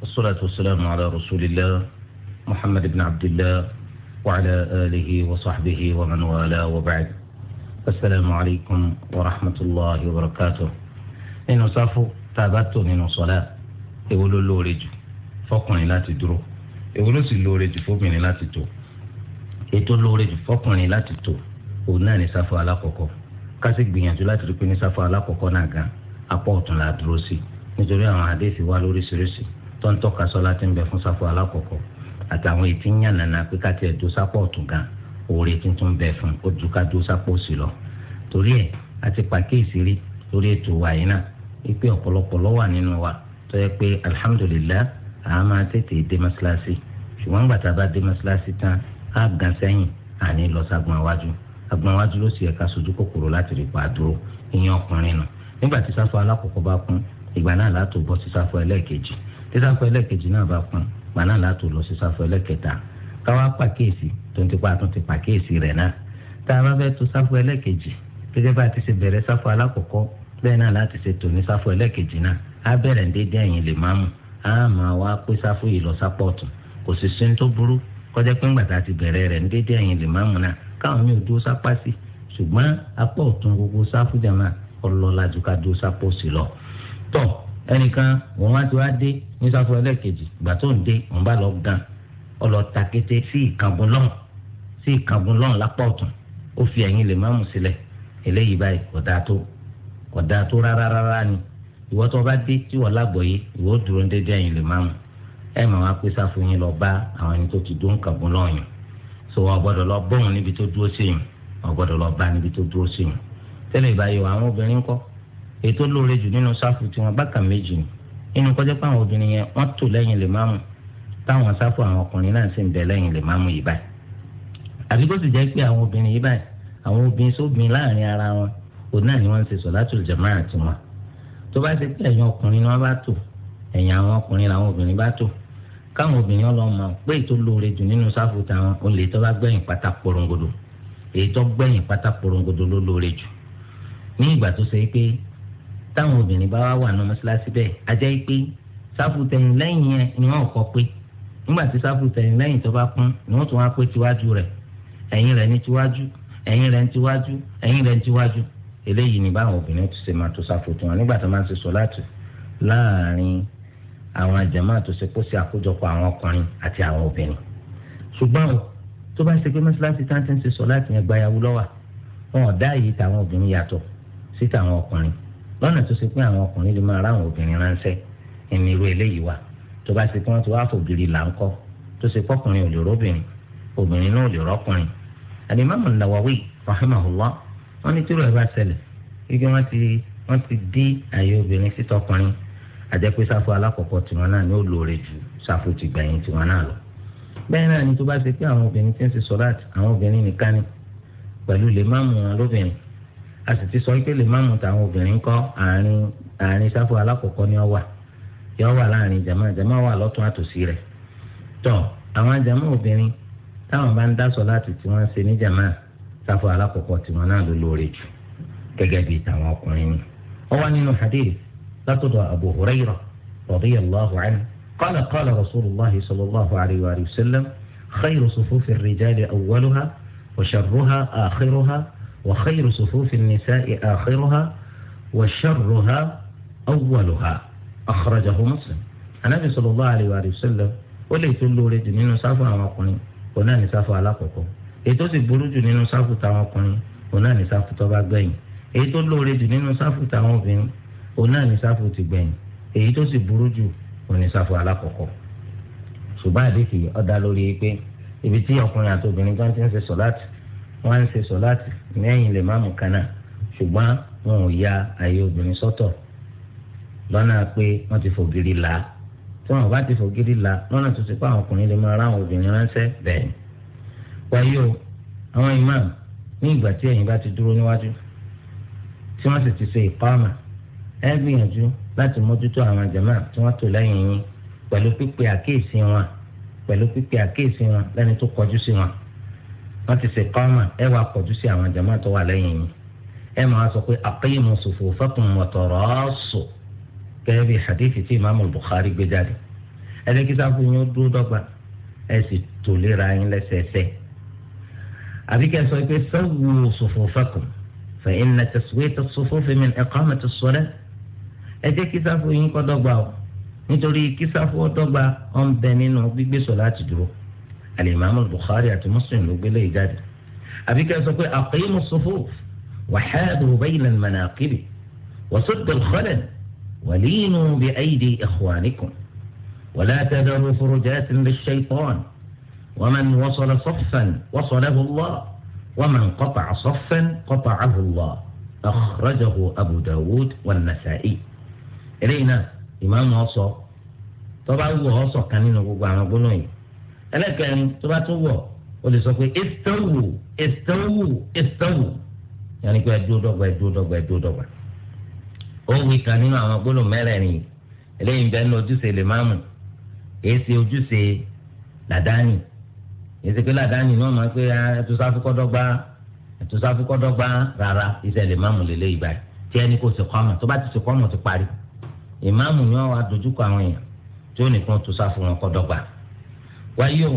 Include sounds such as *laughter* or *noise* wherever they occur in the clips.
والصلاة والسلام على رسول الله محمد بن عبد الله وعلى آله وصحبه ومن والاه وبعد السلام عليكم ورحمة الله وبركاته إنه صافو تابعته من صلاة يقولوا له رجل فقني لا تدرو èwo ló sì lóore jù fóbìnrin láti tò ètò lóore jù fọkùnrin láti tò òun náà ní sáfù alákọ̀ọ́kọ́ ká sì gbìyànjú láti rí pé ní sáfù alákọ̀ọ́kọ́ náà gan apá ọ̀tún la dúró sí nítorí àwọn àdéhìí wá lóríṣiríṣi tó ń tọ́ka sọlá tí ń bẹ fún sáfù alákọ̀ọ́kọ́ àtàwọn ètí ń yànnàna pé ká tiẹ̀ dó sápò ọ̀tún gan òòrè tuntun bẹ fún ó ká dó sápò sí lọ torí ẹ̀ a ti pàkíyèsí rí lórí ètò wa yìí náà wípé ọ̀pọ̀lọpọ̀ ló wà nínú wa tó yẹ pé alihamudulilayi à á máa tètè dé mọ́ṣáláṣí ṣùgbọ́n gbàtà bá dé mọ́ṣáláṣí tán á gan sẹ́yìn àní lọ sagbọn iwájú agbọn iwájú ló sì yẹ ká sojú kòkòrò láti rí pa dúró ìyẹn ọkùnrin nù nígbà tí sáfù alákọ̀ọ́kọ́ bá kún ìgbà náà látò bọ́ sí sáfù ẹlẹ́ẹ̀kejì tí sáfù ẹlẹ́kejì náà bá pọn gbaná láti lọ sí ẹlẹ́kẹta káwá pàkíyèsí tó ń ti pa àtúntì pàkíyèsí rẹ̀ náà tá a bá fẹ́ tó sáfọ ẹlẹ́kejì gẹ́gẹ́ bá a ti ṣe bẹ̀rẹ̀ sáfọ alákọ̀ọ́kọ́ bẹ́ẹ̀ náà láti ṣe tò ní ẹlẹ́kejì náà lè á máa wá pé yìí lọ sápọ̀tù kò sì sí tó burú kọjá pé ńgbà ti bẹ̀rẹ̀ rẹ̀ lè náà káwọn mi ò dúró sápá sí ṣùgbọ́n apá ọ̀tún gbogbo ọlọ́lá ká dúró sí lọ. tọ́ ẹnìkan wọn wá ti wá dé ní sáfù ẹlẹ́ẹ̀kejì ìgbà tó ń dé wọn bá lọ gan ọlọ ta kété sí ìkàngun lọ́hùn sí ìkàngun lọ́hùn lápá ọ̀tún ó fi ẹ̀yìn lè má mú sílẹ̀ eléyìí báyìí kò dáa tó kò dáa tó rárá rárá ni ìwọ tó bá dé tí wọ́n lágbọ̀ọ́yé ìwọ dúró ń dédé ẹ̀yìn lè má mú ẹ̀ mà wá pé sáfù yín lọ bá àwọn ẹni tó ti dún ìkàngun lọ́hùn so wọn gbọ́dọ̀ lọ bọ́hùn níbi tó dúró sí yìí wọn gbọ́dọ̀ lọ bá níbi tó dúró sí yìí tẹ́lẹ̀ ìbáyọ àwọn obìnrin kọ́ ètò lóore jù nínú sáfù tiwọn bákan méjì ni nínú kọjá pé àwọn obìnrin yẹn wọ́n tò lẹ́yìn lè máàmù táwọn sáfù àwọn ọkùnrin náà sì ń bẹ lẹ́yìn lè máàmù yìí báyìí àbí kó sì jẹ́ pé àwọn obìnrin yìí báyìí àwọn obìnrin sóbìnrin láàrin ara wọn òun náà ni wọ́n ń ṣe sọ̀látùl jàmáà tiwọn tó bá ṣe pé ẹ̀yìn ọkùnrin ni wọ́n bá tò ẹ̀yìn àwọn ọkùnrin làwọn obìnrin bá tò káwọn obìnrin ọlọmọ pé ètò lóore jù nínú sáfù táwọn ní ìgbà tó ṣe pé táwọn obìnrin bá wá wà ní mọ́ṣáláṣí bẹ́ẹ̀ a jẹ́ pé sáfù lẹ́yìn yẹn ni wọ́n kọ́ pé nígbà tí sáfù tẹ̀yìn lẹ́yìn tó bá kún ni wọ́n tún wá pé tiwájú rẹ̀ ẹ̀yìn rẹ̀ ní tiwájú ẹ̀yìn rẹ̀ ní tiwájú ẹ̀yìn rẹ̀ ní tiwájú eléyìí ni báwọn obìnrin ti ṣe máa tó sáfù tiwọn nígbà tó máa ń ṣe sọ̀láàtù láàrin àwọn jàmáà tó ṣe kó sí àkójọpọ̀ àwọn ọkùnrin àti àwọn obìnrin ṣùgbọ́n o tó bá ṣe pé mọ́ṣáláṣí táǹtì ń ṣe sọ láti yẹn gbayàwó lọ́wà wọn ò dá èyí táwọn obìnrin yàtọ̀ sí táwọn ọkùnrin lọ́nà tó ṣe pé àwọn ọkùnrin lè máa ráwọn obìnrin ránṣẹ́ ẹni irú eléyìí wa tó bá ṣe pé wọ́n ti wá fògiri là ń kọ́ tó ṣe pọ́kùnrin ò lè róbìnrin obìnrin náà ò lè rọ́kùnrin. alimami nawawi rahimahullah wọ́n ní tírò ẹ ṣẹlẹ̀ wípé wọ́n ti wọ́n ti dí àyè obìnrin sí tọkùnrin àjẹpẹ́ sáfù alákọ̀ọ́kọ́ tiwọn náà ní olóore ju sáfù tìgbẹ̀yìn tiwọn náà lọ bẹ́ẹ̀ náà ni tó bá ṣe pé àwọn obìnrin ti ń ṣe sọ́láàtì àwọn obìnrin nìkan ni pẹ̀lú lè má mú wọn lóbìnrin a sì ti sọ pé lè má mú tàwọn obìnrin kọ́ àárín àárín sáfù alákọ̀ọ́kọ́ ni ọ wà yọ wà láàrin jama jama wà lọ́tún àtòsí rẹ̀ tọ́ àwọn jama obìnrin táwọn bá ń dá láti tí wọ́n ṣe ní jama sáfù alákọ̀ọ́kọ́ tí wọ́n náà ló lóore jù gẹ́gẹ́ bíi tàwọn ọkùnrin ni. ó wá nínú hadith látọ̀dọ̀ Abu Hurayra radiyallahu anhu qala qala rasulillah sallallahu alayhi wa sallam khayru sufufi rijali awwaluha wa sharruha akhiruha وخير صفوف النساء آخرها وشرها أولها أخرجه مسلم النبي صلى الله عليه وآله وسلم ولي تلو ريد نينو سافو أمقني ونا نسافو على قوقو ètò sì burú jù nínú sáfù táwọn ọkùnrin òun náà ní sáfù tó bá gbẹ̀yìn èyí tó lóore jù nínú sáfù táwọn obìnrin òun náà ní sáfù ti gbẹ̀yìn èyí tó sì burú jù òun ní sáfù alákọ̀ọ́kọ́ ṣùgbọ́n àdéhìí ọ̀dà lórí pé ibi tí ọkùnrin àti obìnrin gan ti ń ṣe sọ̀láàtì wọ́n á ń ṣe sọ̀láàtì lẹ́yìn lè máàmù kan náà ṣùgbọ́n wọn ò ya àyè obìnrin sọ́tọ̀ lọ́nà pé wọ́n ti fògiri là á tí wọn bá ti fògiri là á lọ́nà tó ti pa àwọn ọkùnrin lè máa rá àwọn obìnrin ránṣẹ́ bẹ́ẹ̀ ni. wáyé o àwọn imam ní ìgbà tí ẹ̀yin bá ti dúró níwájú tí wọ́n sì ti ṣe ìpamọ́ ẹ gbìyànjú láti mójútó àwọn jàmá tí wọ́n tò lẹ́yìn yín pẹ̀lú pípe àkíyèsí wọn pẹ̀lú pípe àkíyèsí wọn lẹ́ni tó kọjú sí wọn wọ́n ti ṣe kọ́mà ẹ wàá kọjú sí àwọn jama tó wà lẹ́yìn yìí ẹ máa sọ pé aqimu sufufakum wa tarasu gẹ́gẹ́ bí hadithi tí imaamu Bukhari gbé jáde ẹ lè kíkà fún yín ó dúró dọ́gba ẹ sì tò léra yín lẹ́sẹẹsẹ àbí kẹ́ ẹ sọ pé sawwu sufufakum fa inna taswita as-sufufi min iqamati as-salah ẹ jẹ́ kíkà fún yín kó dọ́gba o nítorí kíkà fún ọ alimami bukhari àti muslim ló gbélé ìjáde àbí ká sọ pé aqimu sufuf wàhádùú bayna manaqibi wasuddu al-khalal walinu bi aydi ikhwanikum wala tadaru furujatin lish-shaytan waman wasala saffan wasalahu allah waman qata'a saffan qata'ahu allah akhrajahu abu dawud wan-nasa'i eléyìí náà ìmáàmù ọ̀sọ̀ tọ́ba wù ọ̀sọ̀ kan nínú gbogbo àwọn gbóná yìí ẹlẹ́kẹrin tó bá tún wọ̀ o lè sọ pé istawu istawu istawu yẹnni pé ẹdúró dọ́gba ẹdúró dọ́gba ẹdúró dọ́gba ó ń wí kan nínú àwọn gbólóhùn mẹ́rẹ̀ẹ̀rin eléyìí ń bẹ nínú ojúṣe lè máàmù èyí ṣe ojúṣe làdáni èyí ṣe pé làdáni náà máa pé ah, ẹtùsáfúkọ́dọ́gba ẹtùsáfúkọ́dọ́gba rárá iṣẹ́ lè máàmù lélẹ́yìí báyìí tí ẹni kò sì kọ́ ọmọ tó bá ti sì kọ́ ti parí ìmáàmù yóò wá dojúkọ wáyé o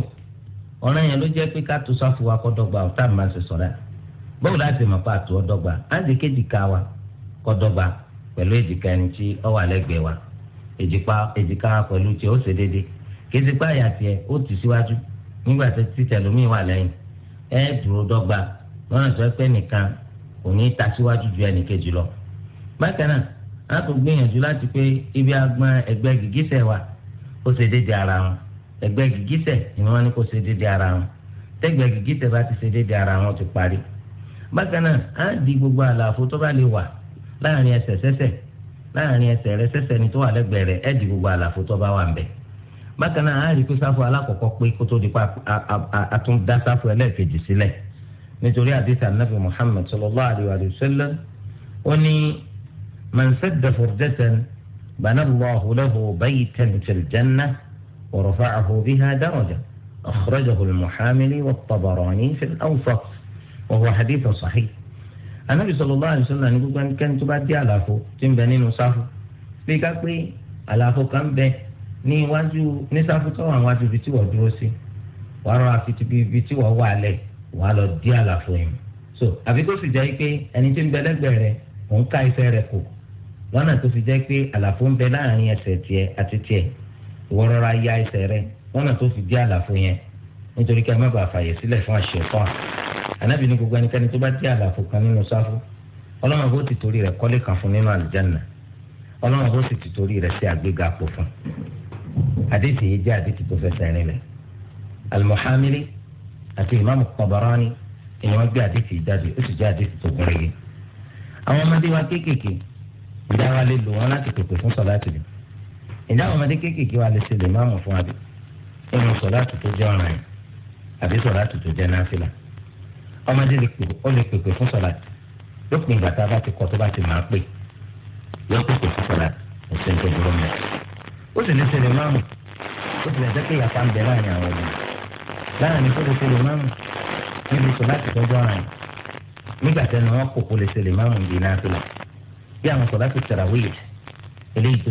ọ̀ràn yẹn ló jẹ́ pé ká tó sáfù wa kọ́ dọ́gba ọ̀tá máa ṣe sọ̀rọ̀ ẹ̀ báwo láti mọ̀ pa àtò ọ̀dọ́gba láti kéjìká wa kọ́ dọ́gba pẹ̀lú èjìká ẹni tí ó wà lẹ́gbẹ̀ẹ́ wa èjìká wa pẹ̀lú tí ó ṣe déédéé kéjìká àyà tiẹ̀ ó tì síwájú nígbà tí tẹlómi wà lẹ́yìn ẹ dúró dọ́gba lọ́nà tó pẹ́ nìkan kò ní ta síwájú ju ẹnì kejì lọ bákan náà ẹgbẹ́ gìgísẹ̀ ni wọ́n ní kó ṣe déédéé ara wọn tẹ́gbẹ́ gìgísẹ̀ bá ti ṣe déédéé ara wọn ti parí. bákan náà á di gbogbo àlàfo tó bá lè wà láàrin ẹsẹ̀ sẹ́sẹ̀ láàrin ẹsẹ̀ rẹ sẹ́sẹ̀ ni tó wà lẹ́gbẹ̀ẹ́ rẹ ẹ̀ di gbogbo àlàfo tó bá wà ń bẹ̀. bákan náà á rí pé sáfù alákọ̀ọ́kọ́ pé kó tó di pa àtúndá sáfù ẹlẹ́ẹ̀kejì sílẹ̀ nítorí àdìsá ورفعه بها درجة أخرجه المحامل والطبراني في الأوسط وهو حديث صحيح النبي صلى الله عليه وسلم يقول أن كان تبدي على فو تنبني نصافو بيكاكوي على فو كان به ní iwájú ní sáfù tó wà níwájú ibi tí wọ́n dúró sí wàá rọra fi ti ibi tí wọ́n wà lẹ̀ wàá lọ dí àlàfo yẹn so àfi kó sì jẹ́ pé ẹni tí ń bẹ lẹ́gbẹ̀ẹ́ rẹ̀ òun ká iṣẹ́ rẹ̀ kù lọ́nà tó fi jẹ́ pé àlàfo ń bẹ láàrin ẹsẹ̀ tiẹ̀ àti tiẹ̀ ìwọ rọra ya ẹsẹ̀ rẹ lọ́nà tó fi dí àlàfo yẹn nítorí ká má bàa fàyè sílẹ̀ fún àṣetán ànábì ní gbogbo ẹnikẹ́ni tó bá dí àlàfo kan nínú sáfù ọlọ́run bó ti torí rẹ̀ kọ́lé kan fún nínú àlùjánnà ọlọ́run bó sì ti torí rẹ̀ sí àgbéga pò fún àdéhìí yìí jẹ́ àdéhìí tó fẹsẹ̀ rìn lẹ̀ al àti ìmáàmù Tabarani ìyẹn wọ́n gbé àdéhìí jáde ó sì jẹ́ àdéhìí tó gúnrégé àwọn ọmọdé wa kéékèèké ìdára ìdá àwọn ọmọdé kéékèèké wa lè ṣe lè máàmù fún àbí nínú sọláàtù tó jẹ́ ọ̀ràn yẹn àbí sọláàtù tó jẹ́ náfìlà ọmọdé lè pè ó lè pèpè fún sọláàtù lópin ìgbà tá a bá ti kọ́ tó bá ti máa pè yóò pèpè fún sọláàtù kò sí nǹkan dúró mọ́ ó sì lè ṣe lè máàmù ó sì lè jẹ́ pé ìyàpá ń bẹ láàrin àwọn ọmọ láàrin tó lè ṣe lè máàmù níbi sọláàtù tó jẹ́ ọ̀ràn yẹn nígbà tẹnu wọn kò kó lè ṣe lè máàmù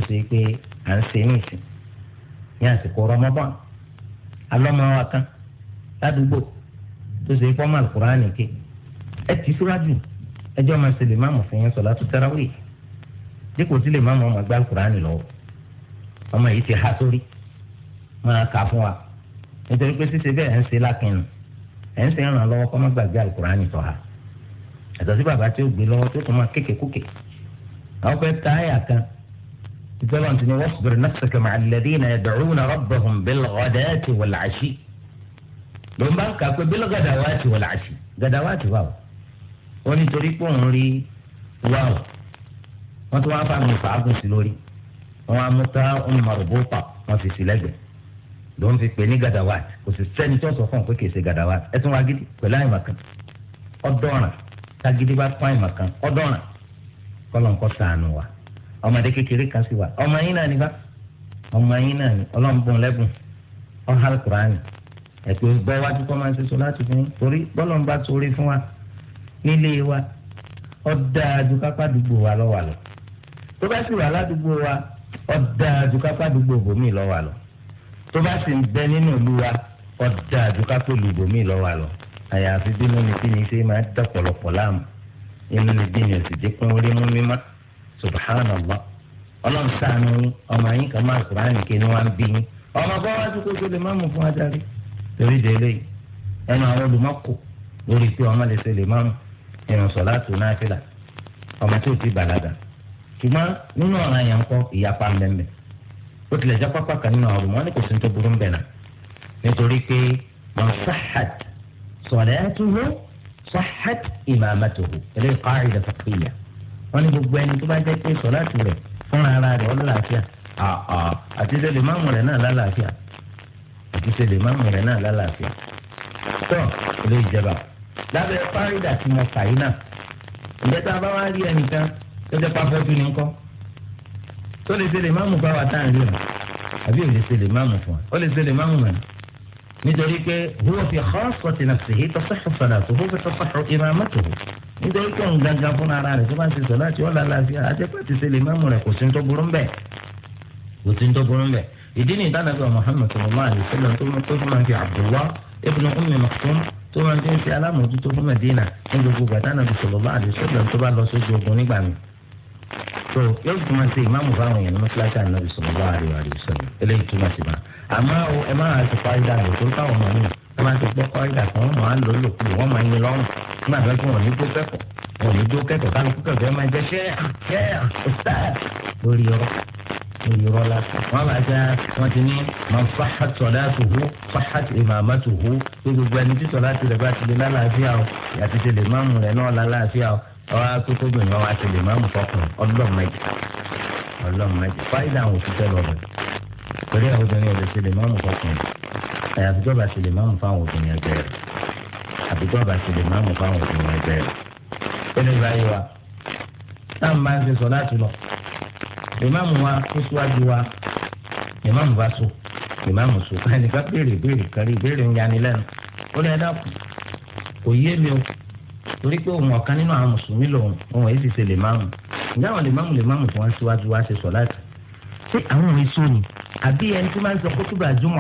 bí à ń ṣe ní ní àsìkò Ramadan alọ́mọ kan ládùúgbò tó ṣe fọ́ọ̀mù alukur'an nìke ẹ tì í síwájú ẹjọ́ máa ṣe lè má mọ̀ fún yẹn sọ̀lá tó tẹ́ráwé dípò tí lè má ọmọ gbá alukur'an lọ́wọ́ ọmọ yìí ti há sórí máa kà fún wa nítorí pé ṣíṣe bẹ́ẹ̀ ń ṣe ẹ̀ ń ṣe ha ẹ̀tọ́ sí bàbá tí ó gbé lọ́wọ́ tó tún máa ìjọba tí ni wasbir nafsaka ma'a alladhina yad'una rabbahum bilghadati wal 'ashi ló ń bá ń kà pé bil ghadawati wal 'ashi gàdáwàtì wà o ó ní torí pé òun rí wà o wọ́n tún wá fáwọn ìfàágùn sí lórí wọ́n á mú ká ń marbuta wọ́n fi sí lẹ́gbẹ̀ẹ́ ló ń fi pè ní gàdáwàtì kò sì sẹ́ni tó sọ fún un pé kì í ṣe gàdáwàtì ẹ tún wá gidi pẹ̀lú àyèmọ̀kan ọdọ́ràn tagidi bá pọ́n àyèmọ̀kan ọdọ́ràn kọ́lọ́n kọ́ sànù wa ọmọdé kékeré kan sì wa. ọmọ yín náà nípa ọmọ yín náà ní ọlọ́mbọ̀n lẹ́bùn ọ̀hán kùránì ẹ̀pẹ́ gbọ́ wájú kọ́ máa ń sẹ́sọ láti fún yín torí bọ́lọ̀ ń bá torí fún wa nílé wa ọ̀dà àdúgbò àdúgbò wa lọ́wọ́ àlọ́ tó bá sì wà ládùúgbò wa ọ̀dà àdúgbò àdúgbò bòmí lọ́wọ́ àlọ́ tó bá sì ń bẹ nínú ìlú wa ọ̀dà àdúgbò bòmí lọ́wọ́ àlọ́ àyàfi bínú ni bí ni ṣe máa dọ̀pọ̀lọpọ̀ láàmú inú ni bí ni ò sì dé pé ó mú mímá subhanallah ọlọ́run sànù ọmọ yín kan máa kúránì kí ni wọ́n á bí yín ọmọ bá wá sí kókó lè má mú fún adarí torí délé yìí ẹnu àwọn olùmọ́kò lórí pé ọmọ lè ṣe lè má mú ìrìn sọ̀lá tó náà fìlà ọmọ tó ti bàlágà ṣùgbọ́n nínú ọ̀ràn yẹn ń kọ́ ìyapa mẹ́mẹ́ ó tilẹ̀ jẹ́ pápá kan nínú àwọn olùmọ́ ní kò sí tó burú bẹ̀ náà nítorí pé mọ̀sáhàd sọ̀lẹ́tùhù sáhàd wọ́n ní gbogbo ẹni tó bá jẹ́ pé sọ́láàtì rẹ̀ fúnra ara rẹ̀ ọlọ́láàfíà àti sẹ́lẹ̀ máàmù rẹ̀ náà lálàáfíà àti sẹ́lẹ̀ máàmù rẹ̀ náà lálàáfíà tó ilé ìjọba lábẹ́ fárídà tí mo fà yín náà ǹjẹ́ tá a bá wá rí ẹnìkan tó jẹ́ pàfẹ́tù ní kọ́ tó lè sẹ́lẹ̀ máàmù bá wa táà rí wọn àbí ò lè máàmù fún wa ó lè sẹ́lẹ̀ máàmù mọ̀ nítorí pé huwa fi khassati nafsihi tasihhu salatuhu wa tasihhu imamatuhu nítorí tó ń gangan fún ara rẹ̀ tó bá ń ṣe sọ̀lá àti ọ̀la láàfin àtẹ́pẹ́ ti ṣe lè mẹ́mú rẹ̀ kò sí ń tó burú bẹ́ẹ̀ kò sí ń tó burú bẹ́ẹ̀ ìdí ni ìdánilẹ́gbẹ̀ Muhammad sallallahu alaihi wasallam tó máa tó fún máa fi Abdullah ibn Ummi Maktum tó máa fi ń ṣe alámòjútó fún Medina ní gbogbo gbàdánàbì sallallahu alaihi wasallam tó bá lọ sójú ogun nígbà mi so yóò tún máa ṣe ìmáàmù fáwọn èèyàn ní mọ́ṣáláṣí ànábì sallallahu alaihi wasallam eléyìí tún máa ṣe máa àmọ́ ẹ máa ṣe fáyidà wọ́n máa ti gbọ́ kọ́ ìdà kan wọ́n máa lò lò pé wọ́n máa yin lọ́rùn nígbà tó kí wọ́n ní tó kẹ́kọ̀ọ́ wọ́n ní tó kẹ́kọ̀ọ́ kálukú kẹ́kọ̀ọ́ máa jẹ́ ṣẹ́ ṣẹ́ ọ̀sẹ́ lórí ọ̀rọ̀ lórí ọ̀rọ̀ la wọ́n bá ṣe wọ́n ti ní máa fáhà sọ̀dá tòhó fáhà ìmàmá tòhó pé gbogbo ẹni tí sọ̀dá ti rẹ̀ bá ti lè lálàáfíà o àti ti lè máàmù rẹ̀ náà lálàáfíà o ọ̀rọ̀ akókó gbìyànjú àyàfi tó bá ṣe lè máàmù fáwọn obìnrin ẹgbẹ́ rẹ̀ àbí tó bá ṣe lè máàmù fáwọn obìnrin ẹgbẹ́ rẹ̀ pẹ̀lú ìbáyé wa náà máa ń ṣe sọ láti lọ ìmáàmù wa tó síwájú wa ìmáàmù bá so ìmáàmù so *laughs* ẹnìkan béèrè béèrè kárí béèrè ń yani lẹ́nu ó lè dákun kò yé mi o torí pé òun ọ̀kan nínú àwọn mùsùlùmí lòun òun èyí sì ṣe lè máàmù ǹjẹ́ àwọn lè máàmù lè máàmù tí wọ́n síwájú wa ṣe sọ láti ṣé àwọn òun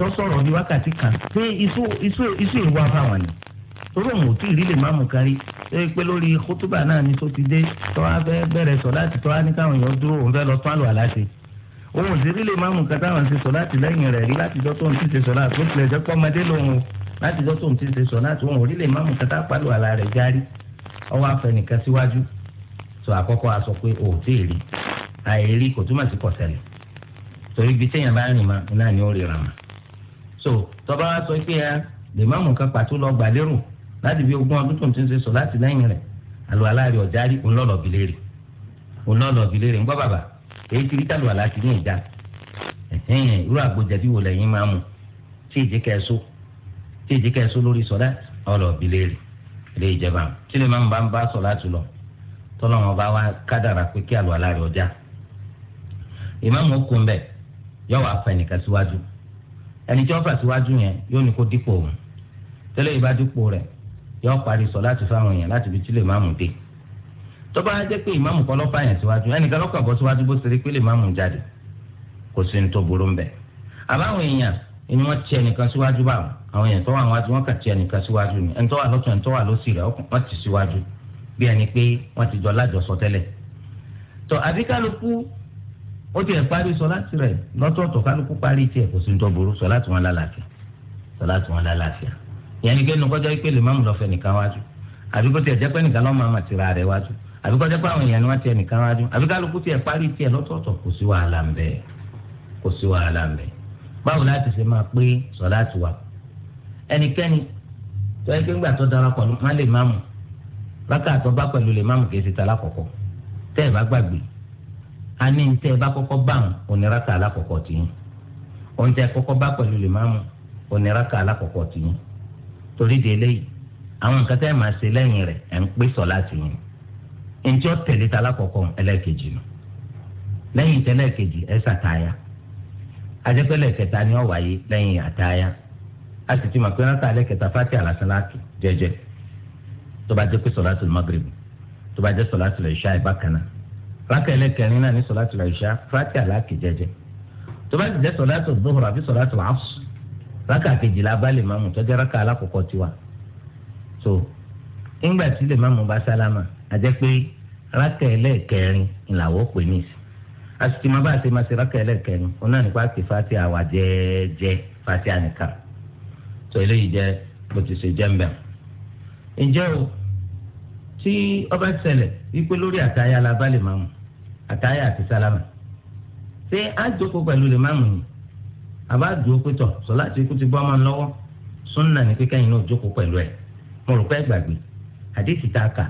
tó sọ̀rọ̀ ní wákàtí kan pé iṣu iṣu iṣu ìwà fáwọn ni torí òun ò tí ì rí lè máàmù kárí ẹ pé lórí kótóbà náà ni tó ti dé tó wá fẹ́ bẹ̀rẹ̀ sọ láti tó wá ní káwọn èèyàn dúró òun fẹ́ lọ tán lò aláṣẹ òun ò sí rí lè máàmù kárí táwọn ṣe sọ láti lẹ́yìn rẹ̀ rí láti jọ́ tó ń ti ṣe sọ láti ó tilẹ̀ jẹ́ pé ọmọdé lòun o láti jọ́ tó ń ti ṣe sọ láti òun ò rí lè máàmù kárí táwọn pàlọ́ àlà rẹ̀ járí ọwọ́ afẹnìkan síwájú sọ àkọ́kọ́ a so tọba wa sọ pé ẹ lè má mú nǹkan pàtó lọ gbà lérò láti bí ogún ọdún tó ń ti ń ṣe sọ láti lẹ́yìn rẹ̀ àlọ́ aláàrí ọ̀já rí òun lọ́lọ́ bìlẹ̀ rè òun lọ́lọ́ bìlẹ̀ rè ń gbọ́ bàbá èyí ti rí tàlù àlá ti ní ìjà ẹ̀hìn irú àgbòjẹ̀bí wo lẹ́yìn máa mú tí èjì kẹ́ẹ̀só tí èjì kẹ́ẹ̀só lórí sọ̀dá ọ̀lọ́ bìlẹ̀ rè ilé ìjọba tí lè má mú bá ń bá sọ láti lọ tọ́lọ́ wọn bá wá kádàrà pé kí àlọ́ aláàrí ọjà ìmáàmù ó kún bẹ́ẹ̀ yọ ẹni tí wọ́n fà síwájú yẹn yóò ní kó dípò òun tẹ́lẹ̀ yìí bá dípò rẹ̀ yóò parí sọ láti fáwọn èèyàn láti fi tílé máàmù dé tọ́ba á jẹ́ pé ìmáàmù kọ́ lọ́pàá yẹn síwájú ẹnìkan lọ́kàn bọ́ síwájú bó ṣeré pé lè máàmù jáde kò sí ní tó burú ń bẹ̀ àbáwọn èèyàn ni wọ́n ti ẹnìkan síwájú báwọn àwọn èèyàn tó wà wájú wọn kà ti ẹnìkan síwájú ni ẹni tó wà lọ́tún ẹni tó wà lọ́sì rẹ̀ wọ́n ti síwájú bí ẹni pé wọ́n ti jọ lájọsọ tẹ́lẹ̀ tó àbíkálukú ó tiẹ̀ parí sọ láti rẹ̀ lọ́tọ̀ọ̀tọ̀ kálukú parí tiẹ̀ kò sí ní tọ́gbòrò sọ láti wọn lálàáfíà sọ láti wọn lálàáfíà ìyẹn ni kéènù kọjá pé lè má mú lọ́fẹ̀ẹ́ nìkan wájú àbí kó tiẹ̀ jẹ́ pé nìkan lọ́mọ àmà tìra rẹ̀ wájú àbí kọjá pé àwọn èèyàn ni wọ́n tiẹ̀ nìkan wájú àbí kálukú tiẹ̀ parí tiẹ̀ lọ́tọ̀ọ̀tọ̀ kò sí wàhálà ńbẹ kò sí wàhálà ńbẹ báwo láti ṣe máa pé sọ láti wà ẹnikẹ́ni tó yẹ kí ńgbà tó darapọ̀ má lè má mú lákàtọ̀ bá pẹ̀lú lè má mú kì í ti tẹ́ ẹ̀ bá gbàgbé Ani ní ntẹ bá kọ́kọ́ bá ń oníraka alákọ̀ọ́kọ́ tì í ọ̀ntẹ kọ́kọ́ bá pẹ̀lú lèmámù oníraka alákọ̀ọ́kọ́ tì í torí de eléyìí àwọn nǹkan tẹ́ ẹ̀ máa ṣe lẹ́yìn rẹ̀ ẹ̀ ń pè sọ láti yín ntẹ́ ọ tẹ̀lé ta alákọ̀ọ́kọ́ ẹlẹ́ẹ̀kejì nù lẹ́yìn tẹ́lẹ̀kejì ẹ̀ e sàtáyà ajẹ́pẹ́lẹ̀ kẹta ni ọ wáyé lẹ́yìn àtáyà a sì ti pé rántà alẹ́ kẹta fati alasalaaki jẹ́jẹ́ tó bá jẹ́ pé sọ̀látùl magrib tó bá jẹ́ sọ̀látùl ìṣá ìbákanáà e raka kẹrin náà ní sọ̀láàtù ìṣá rákẹ́ àlákè jẹjẹ tó bá ti jẹ́ sọ̀láàtù dóhùrù àbí sọ̀láàtù àṣù rákẹ́ àkejìlá bá lè máàmù tó jẹ́ rákẹ́ alákọ̀ọ́kọ́ tiwa so ńgbà tí lè máàmù bá sálámà a jẹ́ pé rákẹ́lẹ́ kẹrin ìlàwọ́ pè ní ìsìn asiti ma bá a ṣe ma ṣe rákẹ́lẹ́ kẹrin òun náà nípa ti fati àwà fati jẹ́ ti ṣe jẹ́ wípé lórí àtayá la bá lè máa àtàyà àti sálámà ṣé á jókòó pẹ̀lú lè má mú ni àbá dúró pétọ̀ sọlá tí kú ti bọ́ ọmọ lọ́wọ́ súnà ní kíkẹ́ yìí náà jókòó pẹ̀lú ẹ̀ mo rò pé gbàgbé àdéhìí tá a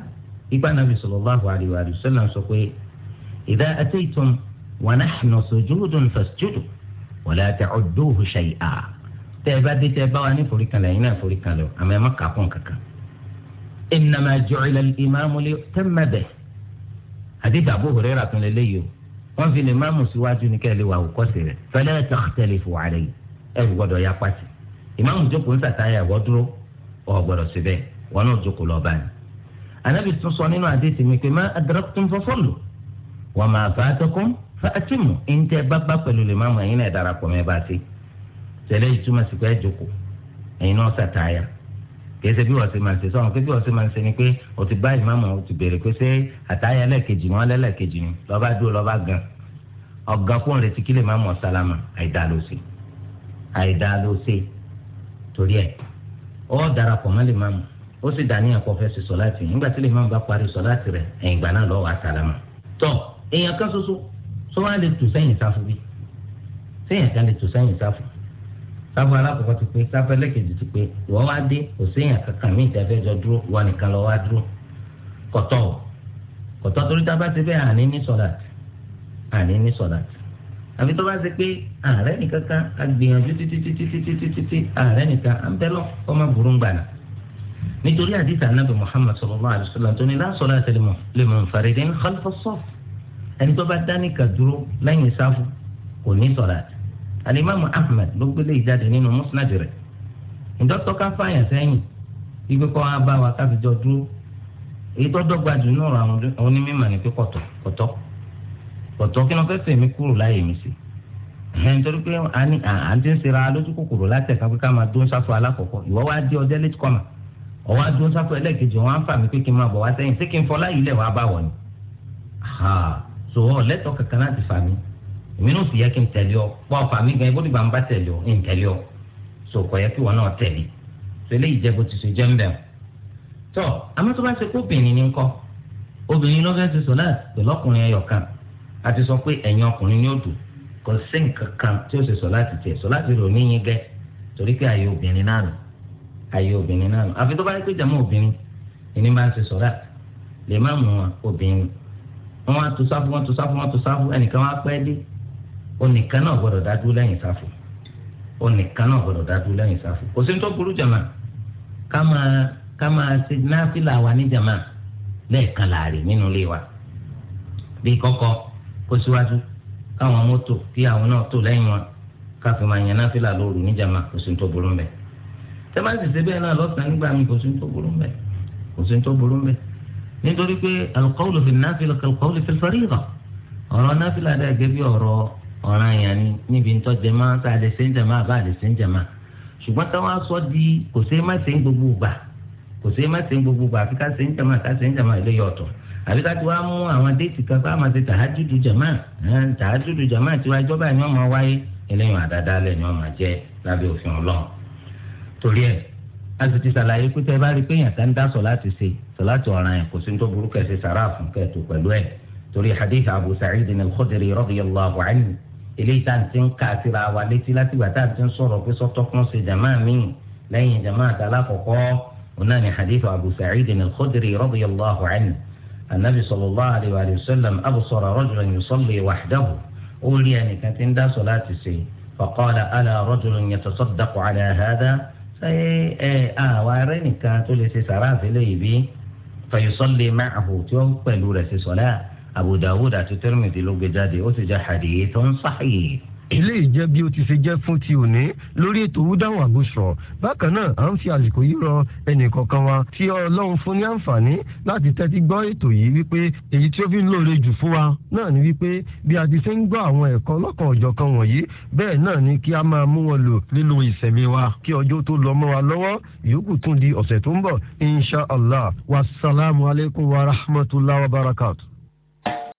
ipa nàbì sallallahu alaihi wa sallam sọ pé idha ataytum wa nahnu sujudun fasjudu wa la ta'udduhu shay'a tẹ́ ẹ bá dé tẹ́ ẹ bá wa ní foríkanlẹ̀ yín náà foríkanlẹ̀ àmọ́ ẹ má kà kankan. innama ju'ila al-imamu li àdìsá Abu Hurairah tún lé léyìí o wọ́n fi lè máàmù síwájú ní kẹ́lẹ́ wà òkọ́sì rẹ̀ fala takhtalifu alayhi ẹ̀ gbọ́dọ̀ ya pàṣẹ ìmáàmù jókòó ń sàtáyà wọ́n dúró ọ̀ gbọ́dọ̀ síbẹ̀ wọn náà jókòó lọ báyìí. anábì tún sọ nínú àdìsí mi pé má adraktum fa sallu wa ma fatakum fa atimmu ǹjẹ́ bábá pẹ̀lú lè máàmù ẹ̀yin náà darapọ̀ mẹ́ bá a ìtumọ̀ sí pé ẹ̀ jókòó ẹ̀yin náà sàtáyà kẹsẹ bí wọn ṣe máa ń ṣe sọ̀rọ̀ pé bí wọn ṣe máa ń ṣe ni pé o ti bá ìmáàmù o ti béèrè pé ṣé àtàyà lẹ́ẹ̀kejì wọn lẹ́ẹ̀kejì ni lọ́ba dúró lọ́ba gan ọ̀gá fún retí kí lè má mọ̀ sálámà àìdá ló ṣe àìdá ló ṣe torí ẹ̀ ó darapọ̀ mọ́ lè má mọ̀ ó sì dàníyàn kọ́ fẹ́ ṣe sọ láti nígbà tí lè má bá parí sọ láti rẹ̀ ẹ̀yìn ìgbà náà lọ́wọ́ àsálámà tọ́ èèyàn kan ṣoṣo sọ wá lè tù sẹ́yìn sáfù alákọ̀ọ́kọ́ ti pé sáfù ẹlẹ́kejì ti pé ìwọ wá dé kò séèyàn kankan mí ìtẹ́fẹ́ jọ dúró ìwọ nìkan lọ wá dúró kọ̀tọ́ o kọ̀tọ́ torí tá a bá ti bẹ́ẹ̀ àní ní sọ̀dàtì àní ní sọ̀dàtì àfi tó bá ti pé ààrẹ nìkan kan agbìyànjú títí títí títí títí ààrẹ nìkan à ń bẹ́ lọ ọmọ burú ń gbàna nítorí àdìsí anábì Muhammad sallallahu alayhi wa sallam tó ní la salata liman faridin khalfa as-saff ẹni tó bá dání kà dúró lẹ́yìn sáfù alimami ahmed ló gbélé ìjáde nínú musnad rẹ̀ ìdọ́tọ́ ká fàyàn sẹ́yìn ibi kọ́ wa bá wa káfi jọ dúró èyí tó dọ́gba jù náà àwọn onímọ̀ ní pé kọ̀tọ̀ kọ̀tọ̀ kọ̀tọ̀ kí ni wọ́n fẹ́ fèmí kúrò láyè mi sí ẹ̀ nítorí pé à ń ti ń sera lójú kòkòrò láti ẹ̀ka pé ká máa dún sáfù alákọ̀ọ́kọ́ ìwọ́ wa dé ọjọ́ létí kọ́mà ọ̀wá dún sáfù ẹlẹ́ẹ̀kejì wọn á ń fà mí pé kí n máa bọ̀ wá sẹ́yìn sí kí n fọlá yìí lẹ̀ wá bá wọ̀ ni so lẹ́tọ̀ọ́ kankan láti fà mí èmi náà sì yẹ kí n tẹ̀lé ọ wá ọ̀fà mi gan ebó dìgbà ń bá tẹ̀lé ọ ń tẹ̀lé ọ so kọ̀ yẹ kí wọn náà tẹ̀lé so eléyìí jẹ́ bó ti so jẹ́ ń bẹ̀ tọ́ àmọ́ tó bá ṣe kó obìnrin ní kọ́ obìnrin ló fẹ́ ti sọ láti pẹ̀lú ọkùnrin ẹyọ kan àti sọ pé ẹ̀yin ọkùnrin ní òdù kò sí nǹkan kan tí ó ṣe sọ láti tẹ̀ sọ láti rò níyìn gẹ́ torí pé àyè obìnrin náà nù àyè obìnrin náà nù àfi tó bá yẹ pé jàmọ́ obìnrin ìní bá ń ṣe sọ lè má mú wọn obìnrin wọn tó sáfù wọn tó sáfù wọn tó sáfù ẹnìkan wá pẹ́ dé onìkan náà gbọ́dọ̀ dá dúró lẹ́yìn sáfù onìkan náà gbọ́dọ̀ dá lẹ́yìn sáfù kò sí ní tó burú jàmá ká máa ká máa ṣe náfìlà wa ní jàmá lẹ́ẹ̀kan láàrin nínú ilé wa bí kọ́kọ́ kó síwájú káwọn mọ́tò kí àwọn náà tò lẹ́yìn wọn ká fi máa yan náfìlà lóru ní jàmá kò sí ní tó burú mbẹ tẹ́ bá sì ṣe bẹ́ẹ̀ náà lọ́sàn-án nígbà mi kò sí ní tó burú mbẹ kò sí ní tó burú mbẹ nítorí pé alukọ́wùlù fi náfìlà kọ́wùlù fi fẹ́rí ọ̀ràn yẹn ni níbi ń tọ́jú máa ń ta àdè sẹ́ńjà máa bá àdè sẹ́ńjà máa ṣùgbọ́n táwọn aṣọ di kò sí má ṣe ń gbogbo gbà kò sí má ṣe ń gbogbo gbà àfi ká sẹ́ńjà máa ká sẹ́ńjà máa ilé yọ̀tọ̀ àbí ká ti wá mú àwọn déètì kan fáwọn àti tàhájúdù jàmá tàhájúdù jàmá tiwa ìjọba ni wọ́n máa wáyé eléyìn àdáadáa lẹ̀ ni wọ́n máa jẹ́ lábẹ́ òfin ọlọ́run torí ẹ̀ a ti ṣàlàyé pé tẹ́ bá rí pé èèyàn kan dá sọ láti ṣe sọ láti ọ̀ràn ẹ̀ kò sí tó burú kẹsì sàrà fún kẹ́ẹ̀tù pẹ̀lú ẹ̀ torí hadith Abu Sa'id al-Khudri radiyallahu anhu eléyìí tá à ń ti ń kà síra wa létí látìgbà tá à ń ti ń sọ̀rọ̀ pé sọ́tọ́ kan ṣe jàmáà míì lẹ́yìn jàmáà tá alákọ̀ọ́kọ́ ọ̀nà ni hadith abu sa'id al-khudri radiyallahu anhu anabi sallallahu alayhi wa sallam absara rajulan yusalli wahdahu ó rí ẹnìkan tí ń dá sọ láti ṣe faqala ala rajulun yatasaddaqu ala hadha ṣé ẹ àwa rẹ nìkan tó lè ṣe sàrà àfẹlẹ́ yìí bí fayusalli ma'ahu tí ó pẹ̀lú rẹ̀ ṣe sọ̀lá Abu Dawud àti Tirmidhi ló gbé jáde ó sì jẹ́ hadithun sahih eléyìí jẹ́ bí ó ti ṣe jẹ́ fún ti òní lórí ètò wúdáhùn àgùsọ̀ bákan náà à ń fi àsìkò yìí rọ ẹnìkọ̀ọ̀kan wa tí ọlọ́run fún ní àǹfààní láti tẹ́tí gbọ́ ètò yìí wípé èyí tí ó fi ń lóore jù fún wa náà ni wípé bí a ti ṣe ń gbọ́ àwọn ẹ̀kọ́ lọ́kàn ọ̀jọ̀kan wọ̀nyí bẹ́ẹ̀ náà ni kí a máa mú wọn lò nínú ìsẹ̀mí wa kí ọjọ́ tó lọ mọ́ wa lọ́wọ́ ìyókù tún di ọ̀sẹ̀ tó ń bọ̀ insha Allah wa rahmatulah wa barakatuh.